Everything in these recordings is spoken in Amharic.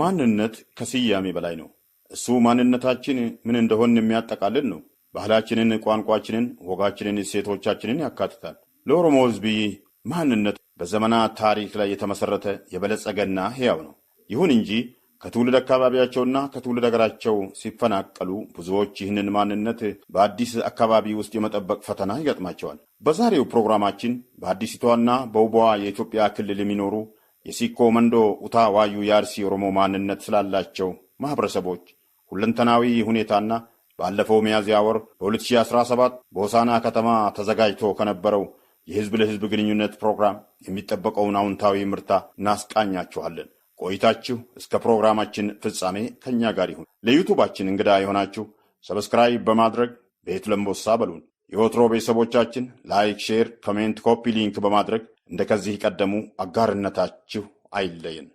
ማንነት ከስያሜ በላይ ነው። እሱ ማንነታችን ምን እንደሆን የሚያጠቃልል ነው። ባህላችንን፣ ቋንቋችንን፣ ወጋችንን፣ እሴቶቻችንን ያካትታል። ለኦሮሞ ሕዝብ ማንነት በዘመናት ታሪክ ላይ የተመሰረተ የበለጸገና ሕያው ነው። ይሁን እንጂ ከትውልድ አካባቢያቸውና ከትውልድ አገራቸው ሲፈናቀሉ ብዙዎች ይህንን ማንነት በአዲስ አካባቢ ውስጥ የመጠበቅ ፈተና ይገጥማቸዋል። በዛሬው ፕሮግራማችን በአዲሲቷና በውቧ የኢትዮጵያ ክልል የሚኖሩ የሲኮ መንዶ ኡታ ዋዩ የአርሲ ኦሮሞ ማንነት ስላላቸው ማኅበረሰቦች ሁለንተናዊ ሁኔታና ባለፈው ሚያዝያ ወር በ2017 በሆሳና ከተማ ተዘጋጅቶ ከነበረው የሕዝብ ለሕዝብ ግንኙነት ፕሮግራም የሚጠበቀውን አውንታዊ ምርታ እናስቃኛችኋለን። ቆይታችሁ እስከ ፕሮግራማችን ፍጻሜ ከእኛ ጋር ይሁን። ለዩቱባችን እንግዳ የሆናችሁ ሰብስክራይብ በማድረግ ቤት ለምቦሳ በሉን። የወትሮ ቤተሰቦቻችን ላይክ፣ ሼር፣ ኮሜንት፣ ኮፒ ሊንክ በማድረግ እንደ ከዚህ ቀደሙ አጋርነታችሁ አይለይን።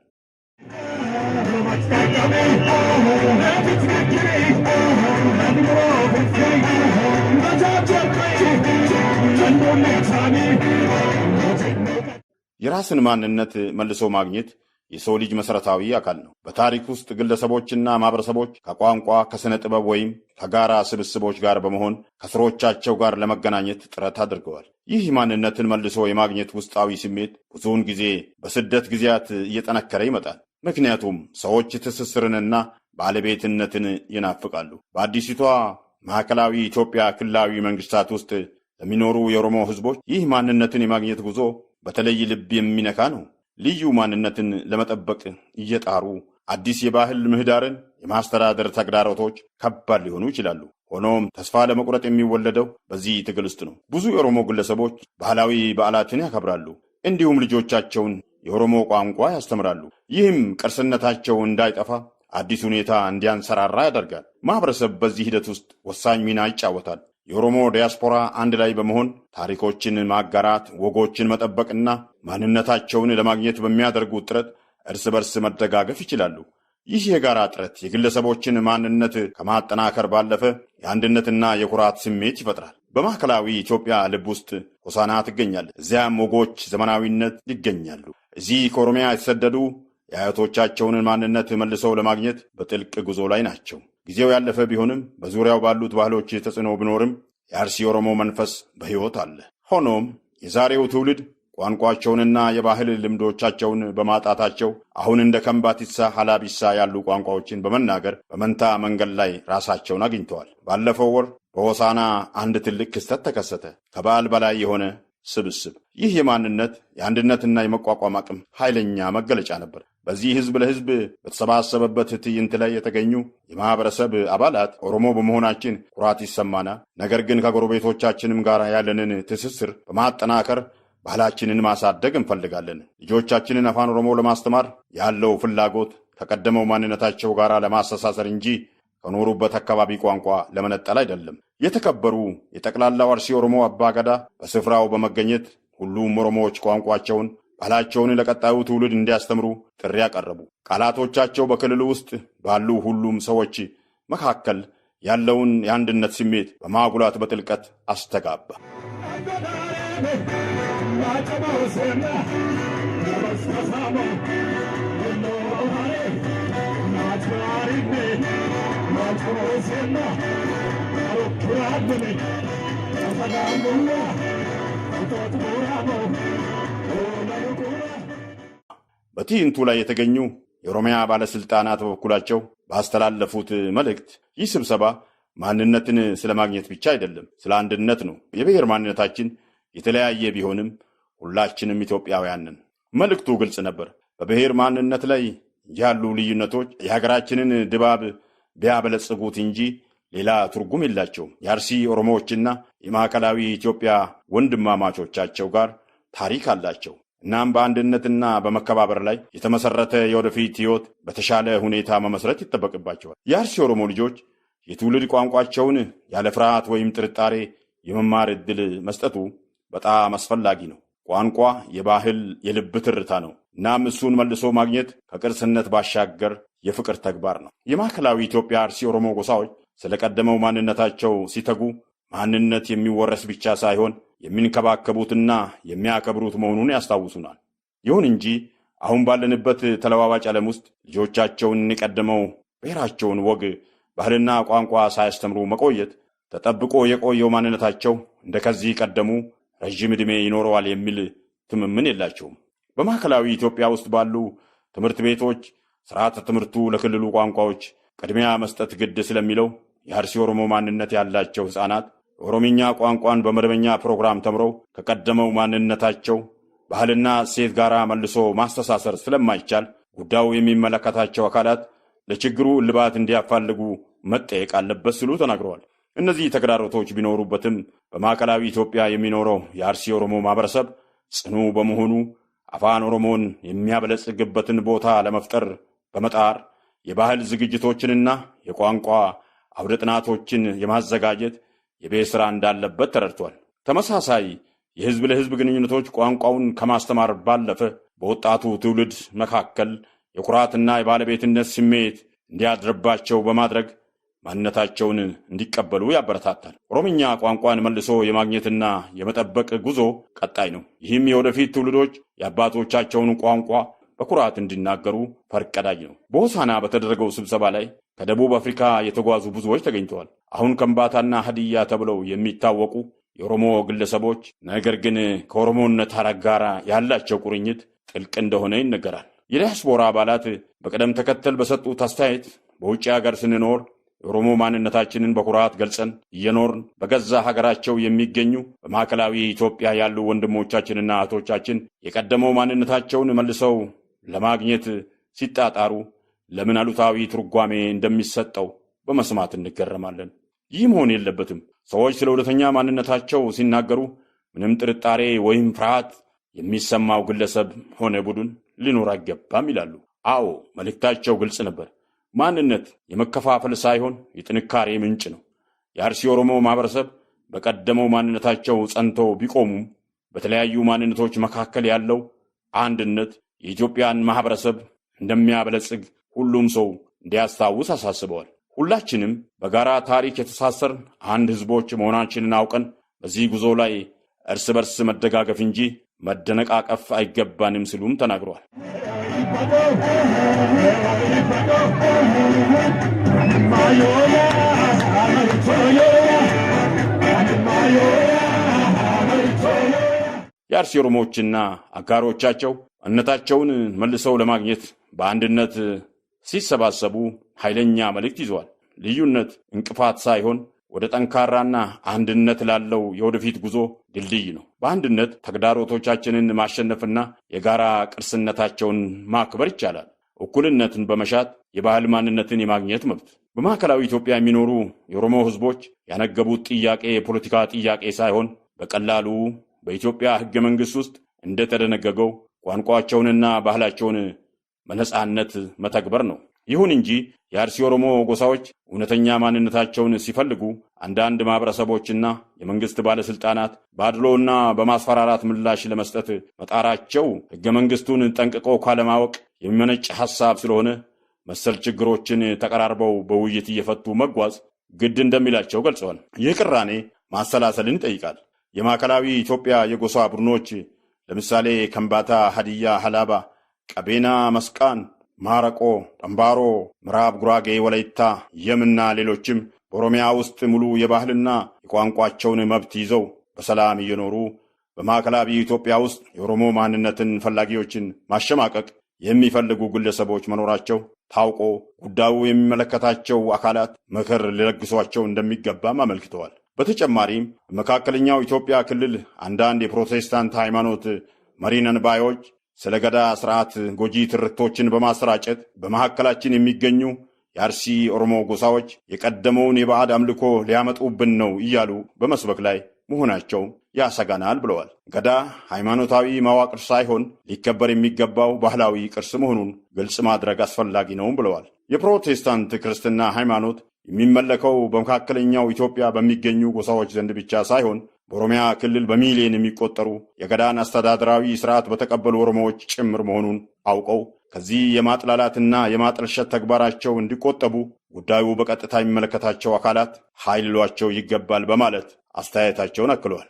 የራስን ማንነት መልሶ ማግኘት የሰው ልጅ መሰረታዊ አካል ነው። በታሪክ ውስጥ ግለሰቦችና ማህበረሰቦች ከቋንቋ ከሥነ ጥበብ ወይም ከጋራ ስብስቦች ጋር በመሆን ከስሮቻቸው ጋር ለመገናኘት ጥረት አድርገዋል። ይህ ማንነትን መልሶ የማግኘት ውስጣዊ ስሜት ብዙውን ጊዜ በስደት ጊዜያት እየጠነከረ ይመጣል። ምክንያቱም ሰዎች ትስስርንና ባለቤትነትን ይናፍቃሉ። በአዲሲቷ ማዕከላዊ ኢትዮጵያ ክልላዊ መንግስታት ውስጥ ለሚኖሩ የኦሮሞ ህዝቦች ይህ ማንነትን የማግኘት ጉዞ በተለይ ልብ የሚነካ ነው። ልዩ ማንነትን ለመጠበቅ እየጣሩ አዲስ የባህል ምህዳርን የማስተዳደር ተግዳሮቶች ከባድ ሊሆኑ ይችላሉ። ሆኖም ተስፋ ለመቁረጥ የሚወለደው በዚህ ትግል ውስጥ ነው። ብዙ የኦሮሞ ግለሰቦች ባህላዊ በዓላትን ያከብራሉ፣ እንዲሁም ልጆቻቸውን የኦሮሞ ቋንቋ ያስተምራሉ። ይህም ቅርስነታቸው እንዳይጠፋ አዲስ ሁኔታ እንዲያንሰራራ ያደርጋል። ማህበረሰብ በዚህ ሂደት ውስጥ ወሳኝ ሚና ይጫወታል። የኦሮሞ ዲያስፖራ አንድ ላይ በመሆን ታሪኮችን ማጋራት፣ ወጎችን መጠበቅና ማንነታቸውን ለማግኘት በሚያደርጉት ጥረት እርስ በርስ መደጋገፍ ይችላሉ። ይህ የጋራ ጥረት የግለሰቦችን ማንነት ከማጠናከር ባለፈ የአንድነትና የኩራት ስሜት ይፈጥራል። በማዕከላዊ ኢትዮጵያ ልብ ውስጥ ሆሳና ትገኛለች። እዚያም ወጎች፣ ዘመናዊነት ይገኛሉ። እዚህ ከኦሮሚያ የተሰደዱ የአያቶቻቸውን ማንነት መልሰው ለማግኘት በጥልቅ ጉዞ ላይ ናቸው። ጊዜው ያለፈ ቢሆንም በዙሪያው ባሉት ባህሎች ተጽዕኖ ቢኖርም የአርሲ ኦሮሞ መንፈስ በሕይወት አለ። ሆኖም የዛሬው ትውልድ ቋንቋቸውንና የባህል ልምዶቻቸውን በማጣታቸው አሁን እንደ ከምባቲሳ፣ ሀላቢሳ ያሉ ቋንቋዎችን በመናገር በመንታ መንገድ ላይ ራሳቸውን አግኝተዋል። ባለፈው ወር በሆሳና አንድ ትልቅ ክስተት ተከሰተ። ከበዓል በላይ የሆነ ስብስብ። ይህ የማንነት የአንድነትና የመቋቋም አቅም ኃይለኛ መገለጫ ነበር። በዚህ ህዝብ ለህዝብ በተሰባሰበበት ትዕይንት ላይ የተገኙ የማህበረሰብ አባላት ኦሮሞ በመሆናችን ኩራት ይሰማናል። ነገር ግን ከጎረቤቶቻችንም ጋር ያለንን ትስስር በማጠናከር ባህላችንን ማሳደግ እንፈልጋለን። ልጆቻችንን አፋን ኦሮሞ ለማስተማር ያለው ፍላጎት ከቀደመው ማንነታቸው ጋር ለማስተሳሰር እንጂ ከኖሩበት አካባቢ ቋንቋ ለመነጠል አይደለም። የተከበሩ የጠቅላላው አርሲ ኦሮሞ አባገዳ በስፍራው በመገኘት ሁሉም ኦሮሞዎች ቋንቋቸውን ባህላቸውን ለቀጣዩ ትውልድ እንዲያስተምሩ ጥሪ አቀረቡ። ቃላቶቻቸው በክልሉ ውስጥ ባሉ ሁሉም ሰዎች መካከል ያለውን የአንድነት ስሜት በማጉላት በጥልቀት አስተጋባ። በትዕይንቱ ላይ የተገኙ የኦሮሚያ ባለሥልጣናት በበኩላቸው ባስተላለፉት መልእክት ይህ ስብሰባ ማንነትን ስለማግኘት ብቻ አይደለም፣ ስለ አንድነት ነው። የብሔር ማንነታችን የተለያየ ቢሆንም ሁላችንም ኢትዮጵያውያን ነን። መልእክቱ ግልጽ ነበር። በብሔር ማንነት ላይ ያሉ ልዩነቶች የሀገራችንን ድባብ ቢያበለጽጉት እንጂ ሌላ ትርጉም የላቸውም። የአርሲ ኦሮሞዎችና የማዕከላዊ ኢትዮጵያ ወንድማማቾቻቸው ጋር ታሪክ አላቸው። እናም በአንድነትና በመከባበር ላይ የተመሰረተ የወደፊት ሕይወት በተሻለ ሁኔታ መመስረት ይጠበቅባቸዋል። የአርሲ ኦሮሞ ልጆች የትውልድ ቋንቋቸውን ያለ ፍርሃት ወይም ጥርጣሬ የመማር ዕድል መስጠቱ በጣም አስፈላጊ ነው። ቋንቋ የባህል የልብ ትርታ ነው። እናም እሱን መልሶ ማግኘት ከቅርስነት ባሻገር የፍቅር ተግባር ነው። የማዕከላዊ ኢትዮጵያ አርሲ ኦሮሞ ጎሳዎች ስለ ቀደመው ማንነታቸው ሲተጉ ማንነት የሚወረስ ብቻ ሳይሆን የሚንከባከቡትና የሚያከብሩት መሆኑን ያስታውሱናል። ይሁን እንጂ አሁን ባለንበት ተለዋዋጭ ዓለም ውስጥ ልጆቻቸውን የቀደመው ብሔራቸውን ወግ፣ ባህልና ቋንቋ ሳያስተምሩ መቆየት ተጠብቆ የቆየው ማንነታቸው እንደ ከዚህ ቀደሙ ረዥም ዕድሜ ይኖረዋል የሚል ትምምን የላቸውም። በማዕከላዊ ኢትዮጵያ ውስጥ ባሉ ትምህርት ቤቶች ስርዓተ ትምህርቱ ለክልሉ ቋንቋዎች ቅድሚያ መስጠት ግድ ስለሚለው የአርሲ ኦሮሞ ማንነት ያላቸው ሕፃናት ኦሮምኛ ቋንቋን በመደበኛ ፕሮግራም ተምረው ከቀደመው ማንነታቸው ባህልና እሴት ጋር መልሶ ማስተሳሰር ስለማይቻል ጉዳዩ የሚመለከታቸው አካላት ለችግሩ እልባት እንዲያፋልጉ መጠየቅ አለበት ሲሉ ተናግረዋል። እነዚህ ተግዳሮቶች ቢኖሩበትም በማዕከላዊ ኢትዮጵያ የሚኖረው የአርሲ ኦሮሞ ማህበረሰብ ጽኑ በመሆኑ አፋን ኦሮሞን የሚያበለጽግበትን ቦታ ለመፍጠር በመጣር የባህል ዝግጅቶችንና የቋንቋ አውደ ጥናቶችን የማዘጋጀት የቤት ሥራ እንዳለበት ተረድቷል። ተመሳሳይ የህዝብ ለህዝብ ግንኙነቶች ቋንቋውን ከማስተማር ባለፈ በወጣቱ ትውልድ መካከል የኩራትና የባለቤትነት ስሜት እንዲያድርባቸው በማድረግ ማንነታቸውን እንዲቀበሉ ያበረታታል። ኦሮምኛ ቋንቋን መልሶ የማግኘትና የመጠበቅ ጉዞ ቀጣይ ነው። ይህም የወደፊት ትውልዶች የአባቶቻቸውን ቋንቋ በኩራት እንዲናገሩ ፈርቀዳጅ ነው። በሆሳና በተደረገው ስብሰባ ላይ ከደቡብ አፍሪካ የተጓዙ ብዙዎች ተገኝተዋል። አሁን ከምባታና ሀዲያ ተብለው የሚታወቁ የኦሮሞ ግለሰቦች ነገር ግን ከኦሮሞነት ሐረግ ጋር ያላቸው ቁርኝት ጥልቅ እንደሆነ ይነገራል። የዲያስፖራ አባላት በቅደም ተከተል በሰጡት አስተያየት በውጭ ሀገር ስንኖር የኦሮሞ ማንነታችንን በኩራት ገልጸን እየኖርን በገዛ ሀገራቸው የሚገኙ በማዕከላዊ ኢትዮጵያ ያሉ ወንድሞቻችንና እህቶቻችን የቀደመው ማንነታቸውን መልሰው ለማግኘት ሲጣጣሩ ለምን አሉታዊ ትርጓሜ እንደሚሰጠው በመስማት እንገረማለን። ይህ መሆን የለበትም። ሰዎች ስለ እውነተኛ ማንነታቸው ሲናገሩ ምንም ጥርጣሬ ወይም ፍርሃት የሚሰማው ግለሰብ ሆነ ቡድን ሊኖር አይገባም ይላሉ። አዎ፣ መልእክታቸው ግልጽ ነበር። ማንነት የመከፋፈል ሳይሆን የጥንካሬ ምንጭ ነው። የአርሲ ኦሮሞ ማህበረሰብ በቀደመው ማንነታቸው ጸንተው ቢቆሙም በተለያዩ ማንነቶች መካከል ያለው አንድነት የኢትዮጵያን ማህበረሰብ እንደሚያበለጽግ ሁሉም ሰው እንዲያስታውስ አሳስበዋል። ሁላችንም በጋራ ታሪክ የተሳሰር አንድ ህዝቦች መሆናችንን አውቀን በዚህ ጉዞ ላይ እርስ በርስ መደጋገፍ እንጂ መደነቃቀፍ አይገባንም ሲሉም ተናግረዋል። የአርሲ ኦሮሞዎችና አጋሮቻቸው እነታቸውን መልሰው ለማግኘት በአንድነት ሲሰባሰቡ ኃይለኛ መልእክት ይዘዋል። ልዩነት እንቅፋት ሳይሆን ወደ ጠንካራና አንድነት ላለው የወደፊት ጉዞ ድልድይ ነው። በአንድነት ተግዳሮቶቻችንን ማሸነፍና የጋራ ቅርስነታቸውን ማክበር ይቻላል። እኩልነትን በመሻት የባህል ማንነትን የማግኘት መብት በማዕከላዊ ኢትዮጵያ የሚኖሩ የኦሮሞ ሕዝቦች ያነገቡት ጥያቄ የፖለቲካ ጥያቄ ሳይሆን በቀላሉ በኢትዮጵያ ሕገ መንግሥት ውስጥ እንደተደነገገው ቋንቋቸውንና ባህላቸውን በነጻነት መተግበር ነው። ይሁን እንጂ የአርሲ ኦሮሞ ጎሳዎች እውነተኛ ማንነታቸውን ሲፈልጉ አንዳንድ ማኅበረሰቦችና የመንግሥት ባለሥልጣናት በአድሎና በማስፈራራት ምላሽ ለመስጠት መጣራቸው ሕገ መንግሥቱን ጠንቅቆ ካለማወቅ የሚመነጭ ሐሳብ ስለሆነ መሰል ችግሮችን ተቀራርበው በውይይት እየፈቱ መጓዝ ግድ እንደሚላቸው ገልጸዋል። ይህ ቅራኔ ማሰላሰልን ይጠይቃል። የማዕከላዊ ኢትዮጵያ የጎሳ ቡድኖች ለምሳሌ ከምባታ፣ ሀዲያ፣ ሀላባ፣ ቀቤና፣ መስቃን፣ ማረቆ፣ ጠምባሮ፣ ምዕራብ ጉራጌ፣ ወላይታ፣ የምና ሌሎችም በኦሮሚያ ውስጥ ሙሉ የባህልና የቋንቋቸውን መብት ይዘው በሰላም እየኖሩ በማዕከላዊ ኢትዮጵያ ውስጥ የኦሮሞ ማንነትን ፈላጊዎችን ማሸማቀቅ የሚፈልጉ ግለሰቦች መኖራቸው ታውቆ ጉዳዩ የሚመለከታቸው አካላት ምክር ሊለግሷቸው እንደሚገባም አመልክተዋል። በተጨማሪም መካከለኛው ኢትዮጵያ ክልል አንዳንድ የፕሮቴስታንት ሃይማኖት መሪነን ባዮች ስለ ገዳ ስርዓት ጎጂ ትርክቶችን በማሰራጨት በመካከላችን የሚገኙ የአርሲ ኦሮሞ ጎሳዎች የቀደመውን የባዕድ አምልኮ ሊያመጡብን ነው እያሉ በመስበክ ላይ መሆናቸው ያሰጋናል ብለዋል። ገዳ ሃይማኖታዊ መዋቅር ሳይሆን ሊከበር የሚገባው ባህላዊ ቅርስ መሆኑን ግልጽ ማድረግ አስፈላጊ ነውም ብለዋል። የፕሮቴስታንት ክርስትና ሃይማኖት የሚመለከው በመካከለኛው ኢትዮጵያ በሚገኙ ጎሳዎች ዘንድ ብቻ ሳይሆን በኦሮሚያ ክልል በሚሊየን የሚቆጠሩ የገዳን አስተዳደራዊ ስርዓት በተቀበሉ ኦሮሞዎች ጭምር መሆኑን አውቀው ከዚህ የማጥላላትና የማጥልሸት ተግባራቸው እንዲቆጠቡ ጉዳዩ በቀጥታ የሚመለከታቸው አካላት ኃይል ይገባል በማለት አስተያየታቸውን አክሏል።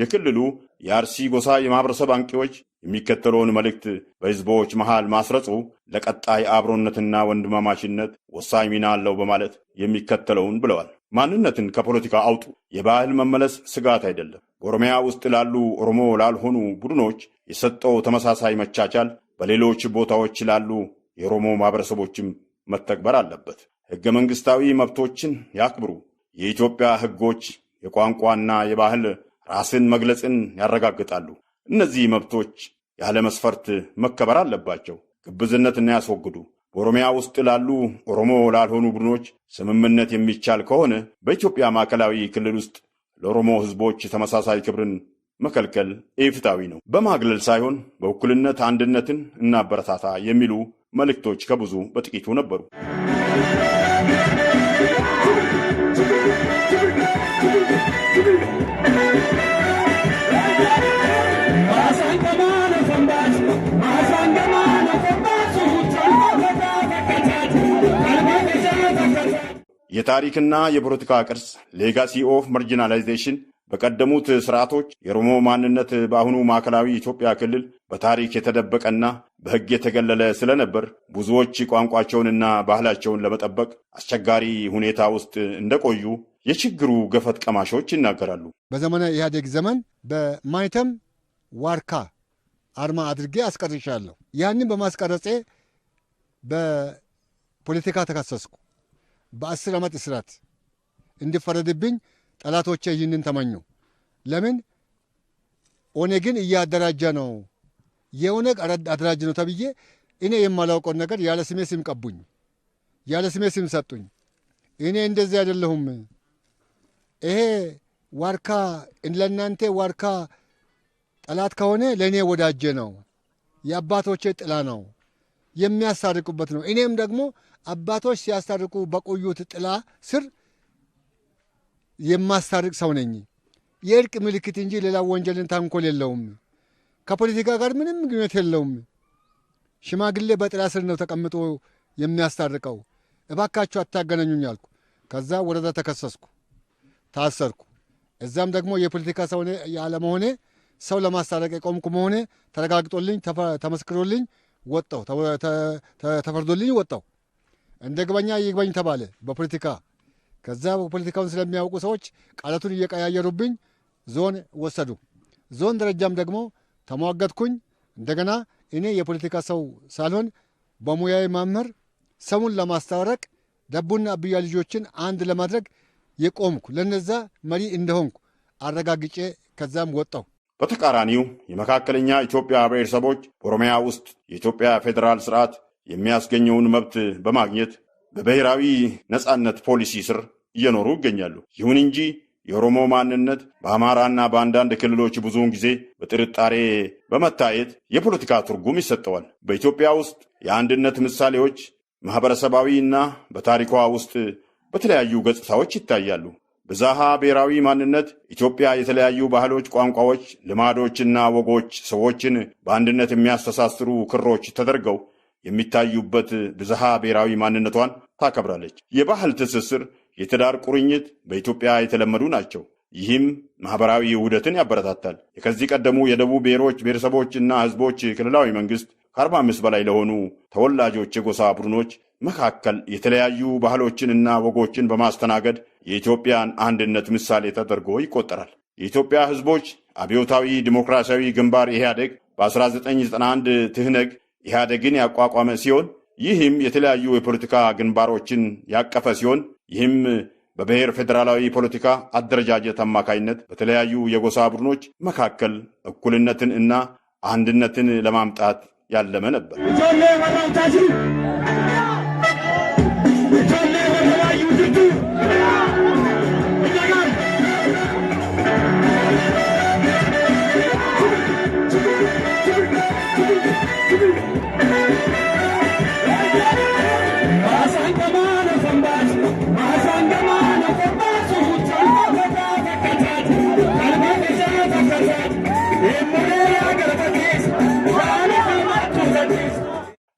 የክልሉ የአርሲ ጎሳ የማህበረሰብ አንቂዎች የሚከተለውን መልእክት በህዝቦች መሃል ማስረጹ ለቀጣይ አብሮነትና ወንድማማችነት ወሳኝ ሚና አለው በማለት የሚከተለውን ብለዋል። ማንነትን ከፖለቲካ አውጡ። የባህል መመለስ ስጋት አይደለም። በኦሮሚያ ውስጥ ላሉ ኦሮሞ ላልሆኑ ቡድኖች የሰጠው ተመሳሳይ መቻቻል በሌሎች ቦታዎች ላሉ የኦሮሞ ማህበረሰቦችም መተግበር አለበት። ህገ መንግስታዊ መብቶችን ያክብሩ። የኢትዮጵያ ህጎች የቋንቋና የባህል ራስን መግለጽን ያረጋግጣሉ። እነዚህ መብቶች ያለ መስፈርት መከበር አለባቸው። ግብዝነትን ያስወግዱ። በኦሮሚያ ውስጥ ላሉ ኦሮሞ ላልሆኑ ቡድኖች ስምምነት የሚቻል ከሆነ በኢትዮጵያ ማዕከላዊ ክልል ውስጥ ለኦሮሞ ሕዝቦች ተመሳሳይ ክብርን መከልከል ኢፍትሐዊ ነው። በማግለል ሳይሆን በእኩልነት አንድነትን እናበረታታ የሚሉ መልእክቶች ከብዙ በጥቂቱ ነበሩ። የታሪክና የፖለቲካ ቅርስ ሌጋሲ ኦፍ ማርጂናላይዜሽን በቀደሙት ስርዓቶች የኦሮሞ ማንነት በአሁኑ ማዕከላዊ ኢትዮጵያ ክልል በታሪክ የተደበቀና በሕግ የተገለለ ስለነበር ብዙዎች ቋንቋቸውንና ባህላቸውን ለመጠበቅ አስቸጋሪ ሁኔታ ውስጥ እንደቆዩ የችግሩ ገፈት ቀማሾች ይናገራሉ። በዘመነ ኢህአዴግ ዘመን በማይተም ዋርካ አርማ አድርጌ አስቀርሻለሁ። ያንን በማስቀረጼ በፖለቲካ ተከሰስኩ። በአስር ዓመት እስራት እንዲፈረድብኝ ጠላቶቼ ይህንን ተመኙ። ለምን ኦነግን እያደራጀ ነው፣ የኦነግ አደራጅ ነው ተብዬ እኔ የማላውቀውን ነገር ያለ ስሜ ስም ቀቡኝ፣ ያለ ስሜ ስም ሰጡኝ። እኔ እንደዚህ አይደለሁም። ይሄ ዋርካ ለእናንተ ዋርካ ጠላት ከሆነ ለእኔ ወዳጄ ነው፣ የአባቶቼ ጥላ ነው፣ የሚያሳርቁበት ነው። እኔም ደግሞ አባቶች ሲያስታርቁ በቆዩት ጥላ ስር የማስታርቅ ሰው ነኝ። የእርቅ ምልክት እንጂ ሌላ ወንጀልን ታንኮል የለውም። ከፖለቲካ ጋር ምንም ግንኙነት የለውም። ሽማግሌ በጥላ ስር ነው ተቀምጦ የሚያስታርቀው። እባካችሁ አታገናኙኝ አልኩ። ከዛ ወረዳ ተከሰስኩ፣ ታሰርኩ። እዛም ደግሞ የፖለቲካ ሰው ያለመሆኔ ሰው ለማስታረቅ የቆምኩ መሆኔ ተረጋግጦልኝ ተመስክሮልኝ ወጣሁ፣ ተፈርዶልኝ ወጣሁ። እንደ ግበኛ ይግበኝ ተባለ በፖለቲካ ከዛ ፖለቲካውን ስለሚያውቁ ሰዎች ቃላቱን እየቀያየሩብኝ ዞን ወሰዱ። ዞን ደረጃም ደግሞ ተሟገትኩኝ። እንደገና እኔ የፖለቲካ ሰው ሳልሆን በሙያዊ መምህር ሰሙን ለማስታረቅ ደቡና አብያ ልጆችን አንድ ለማድረግ የቆምኩ ለነዛ መሪ እንደሆንኩ አረጋግጬ ከዛም ወጣሁ። በተቃራኒው የመካከለኛ ኢትዮጵያ ብሔረሰቦች በኦሮሚያ ውስጥ የኢትዮጵያ ፌዴራል ስርዓት የሚያስገኘውን መብት በማግኘት በብሔራዊ ነጻነት ፖሊሲ ስር እየኖሩ ይገኛሉ። ይሁን እንጂ የኦሮሞ ማንነት በአማራና በአንዳንድ ክልሎች ብዙውን ጊዜ በጥርጣሬ በመታየት የፖለቲካ ትርጉም ይሰጠዋል። በኢትዮጵያ ውስጥ የአንድነት ምሳሌዎች ማኅበረሰባዊ እና በታሪኳ ውስጥ በተለያዩ ገጽታዎች ይታያሉ። ብዝሃ ብሔራዊ ማንነት ኢትዮጵያ የተለያዩ ባህሎች፣ ቋንቋዎች፣ ልማዶችና ወጎች ሰዎችን በአንድነት የሚያስተሳስሩ ክሮች ተደርገው የሚታዩበት ብዝሃ ብሔራዊ ማንነቷን ታከብራለች። የባህል ትስስር፣ የትዳር ቁርኝት በኢትዮጵያ የተለመዱ ናቸው። ይህም ማኅበራዊ ውህደትን ያበረታታል። የከዚህ ቀደሙ የደቡብ ብሔሮች ብሔረሰቦች እና ሕዝቦች ክልላዊ መንግስት ከአርባ አምስት በላይ ለሆኑ ተወላጆች የጎሳ ቡድኖች መካከል የተለያዩ ባህሎችን እና ወጎችን በማስተናገድ የኢትዮጵያን አንድነት ምሳሌ ተደርጎ ይቆጠራል። የኢትዮጵያ ሕዝቦች አብዮታዊ ዲሞክራሲያዊ ግንባር ኢህአዴግ በ1991 ትህነግ ኢህአዴግን ያቋቋመ ሲሆን ይህም የተለያዩ የፖለቲካ ግንባሮችን ያቀፈ ሲሆን ይህም በብሔር ፌዴራላዊ ፖለቲካ አደረጃጀት አማካኝነት በተለያዩ የጎሳ ቡድኖች መካከል እኩልነትን እና አንድነትን ለማምጣት ያለመ ነበር።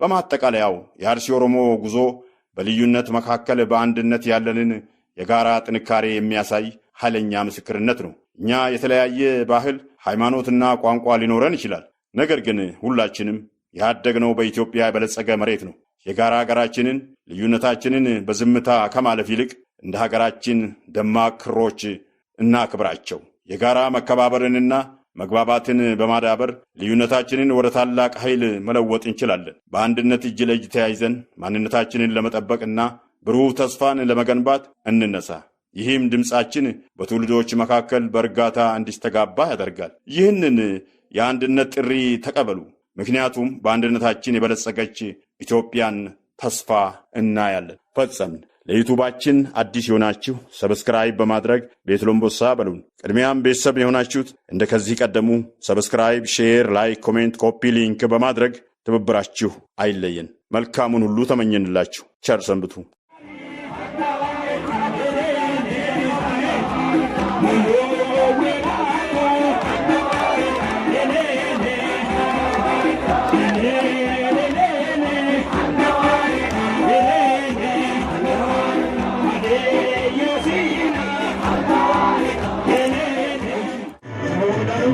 በማጠቃለያው የአርሲ ኦሮሞ ጉዞ በልዩነት መካከል በአንድነት ያለንን የጋራ ጥንካሬ የሚያሳይ ኃይለኛ ምስክርነት ነው። እኛ የተለያየ ባህል፣ ሃይማኖትና ቋንቋ ሊኖረን ይችላል። ነገር ግን ሁላችንም ያደግነው በኢትዮጵያ የበለጸገ መሬት ነው። የጋራ ሀገራችንን ልዩነታችንን በዝምታ ከማለፍ ይልቅ እንደ ሀገራችን ደማቅ ክሮች እናክብራቸው። የጋራ መከባበርንና መግባባትን በማዳበር ልዩነታችንን ወደ ታላቅ ኃይል መለወጥ እንችላለን። በአንድነት እጅ ለእጅ ተያይዘን ማንነታችንን ለመጠበቅና ብሩህ ተስፋን ለመገንባት እንነሳ። ይህም ድምፃችን በትውልዶች መካከል በእርጋታ እንዲስተጋባ ያደርጋል። ይህንን የአንድነት ጥሪ ተቀበሉ። ምክንያቱም በአንድነታችን የበለጸገች ኢትዮጵያን ተስፋ እናያለን። ፈጸምን። ለዩቱባችን አዲስ የሆናችሁ ሰብስክራይብ በማድረግ ቤት ሎምቦሳ በሉን። ቅድሚያም ቤተሰብ የሆናችሁት እንደ ከዚህ ቀደሙ ሰብስክራይብ፣ ሼር፣ ላይክ፣ ኮሜንት፣ ኮፒ ሊንክ በማድረግ ትብብራችሁ አይለየን። መልካሙን ሁሉ ተመኘንላችሁ። ቸር ሰንብቱ።